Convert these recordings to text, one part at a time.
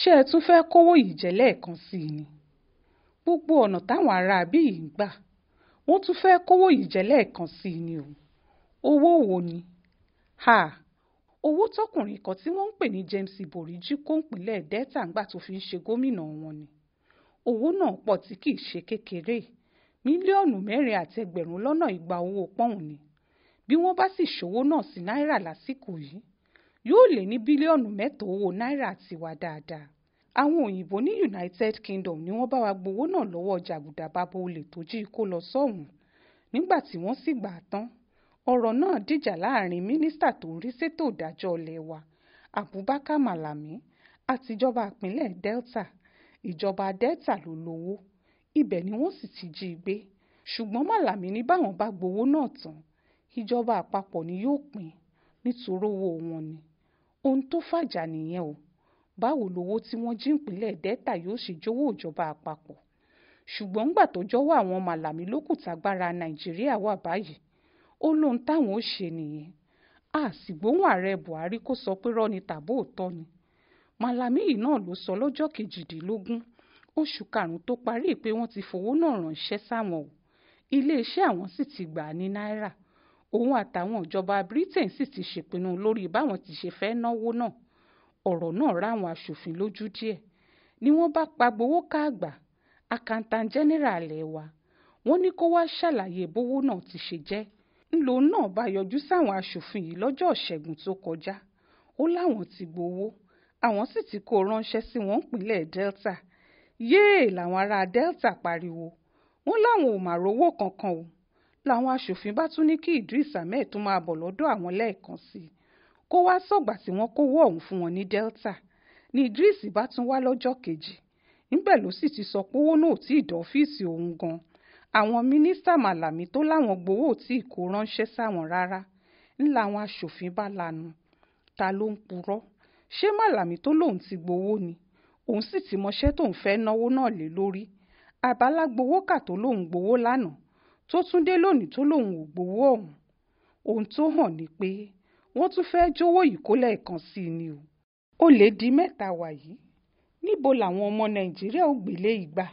ṣé ẹ tún fẹ́ẹ́ kówó yìí jẹ lẹ́ẹ̀kan sí i ni gbogbo ọ̀nà táwọn aráabí yìí ń gbà wọ́n tún fẹ́ẹ́ kówó yìí jẹ lẹ́ẹ̀kan sí i ni o owó wo ni ha owó tọkùnrin kan tí wọ́n ń pè ní James Ibori jí kó ìpínlẹ̀ Delta ńgbà tó fi ń ṣe gómìnà wọn ni owó náà pọ̀ tí kì í ṣe kékeré mílíọ̀nù mẹ́rin àti ẹgbẹ̀rún lọ́nà igba owó pọ́ùn ni bí wọ́n bá sì ṣòwò náà sí náírà lásìkò yìí yóò lé ní bílíọ̀nù mẹ́ta owó náírà tiwa dáadáa. àwọn òyìnbó ní United Kingdom ni wọ́n bá wa gbowó náà lọ́wọ́ jàgùdà bàbá olè tó jí kó lọ sọ́hùn nígbà tí wọ́n sì gbà á tán ọ̀rọ̀ náà dìjà láàrin mínísítà tó ń rí sétò ìdájọ́ ilé wa Abubakar Malami àtijọba ìpínlẹ̀ Delta ìjọba Delta ló lówó ibẹ̀ ni wọ́n sì ti jí i gbé ṣùgbọ́n Malami ní báwọn bá gbowó náà tán ìjọba àpapọ̀ ni yóò pín nítorí owó wọn ni ohun tó fàjà nìyẹn o báwo lowó tí wọ́n jí ìpínlẹ̀ delta yóò ṣe jówó ìjọba àpapọ̀ ṣùgbọ́n ńgbà tó jọ́wọ́ àwọn màlàmí lókùtàgbára nàìjíríà wà báyìí ó lóhun táwọn ó ṣe nìyẹn a sì gbóhùn ààrẹ buhari kó sọ pé rọ́ni tàbó òótọ́ ni màlàmí yìí náà ló sọ lọ́jọ́ kejìdínlógún oṣù karùn-ún tó parí pé wọ́n ti fowó náà ránṣẹ́ sáwọn o iléeṣẹ́ àwọn sì ti gbà á ní náírà òun àtàwọn ìjọba Britain sì ti ṣèpinnu lórí báwọn ti ṣe fẹ́ náwó náà ọ̀rọ̀ náà ráwọn aṣòfin lójú díẹ̀ ni wọ́n bá pa gbowó káàgbà akantan general ẹ̀ wa wọ́n ní kó wáá ṣàlàyé bówó náà ti ṣe jẹ́ ńlò náà bá yọjú sáwọn aṣòfin yìí lọ́jọ́ ìṣẹ́gun tó kọjá ó láwọn ti gbowó àwọn sì ti kó ránṣẹ́ sí wọn pínlẹ̀ Delta yéè làwọn ará Delta pariwo wọ́n láwọn ò mà kankan o làwọn aṣòfin bá tún ní kí Idris Ahmed tún máa bọ̀ lọ́dọ̀ àwọn lẹ́ẹ̀kan sí i kó wá sọ̀gbà tí wọ́n kówó ọ̀hún fún wọn ní Delta ni Idris bá tún wá lọ́jọ́ kejì níbẹ̀ ló sì ti sọ pé owó náà tí ìdán ọ́fíìsì òun gan àwọn mínísítà Màlàmí tó láwọn gbowó tí kò ránṣẹ́ sáwọn rárá ńlá àwọn aṣòfin bá lanu ta ló ń purọ́ ṣé Màlàmí tó lóun ti gbowó ni òun sì ti mọṣẹ́ tóun fẹ́ náwó náà lé lórí àbálágbowó kà tó lóun gbowó lánàá tó tún dé lónìí tó lòun ò gbowó ọ̀hún ohun tó hàn ni pé wọ́n tún fẹ́ẹ́ jówó yìí kó lẹ́ẹ̀kan sí i ni o olè di mẹ́ta wàyí níbo làwọn ọmọ nàìjíríà ò gbélé ìgbà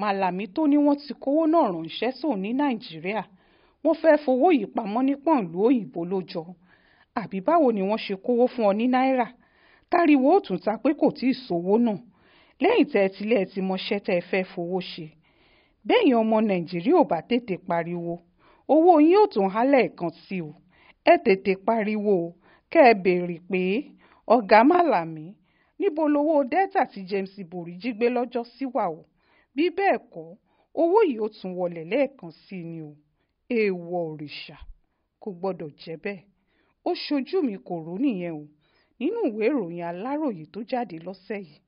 màlàmí tó ní wọ́n ti kówó náà ránṣẹ́ sóun ní nàìjíríà wọ́n fẹ́ẹ́ fowó yìí pamọ́ ní pọ́ǹlù òyìnbó ló jọ àbí báwo ni wọ́n ṣe kówó fún ọ ní náírà táriwo ó tún ta pé kò tí ì sówó náà lẹ́yìn tẹ́ ẹ tilẹ̀ ti mọṣẹ́ tẹ́ ẹ fẹ́ fowó ṣe bẹ́ẹ̀yàn ọmọ nàìjíríà ò bá tètè pariwo owó yín ò tún hálẹ̀ kan sí o ẹ tètè pariwo kẹ́ ẹ béèrè pé ọ̀gá màlàmí níbo lowó delta tí james ibori jí gbé lọ́jọ́ sí wà o bí bẹ́ẹ̀ kọ́ owó yìí ò tún wọlé lẹ́ẹ̀kan sí ni o èèwọ̀ òrìṣà kò gbọ́dọ̀ jẹ́ bẹ́ẹ̀ ó ṣojú mi kò rò nìyẹn o nínú ìwé ìròyìn aláròye tó jáde lọ́sẹ̀ yìí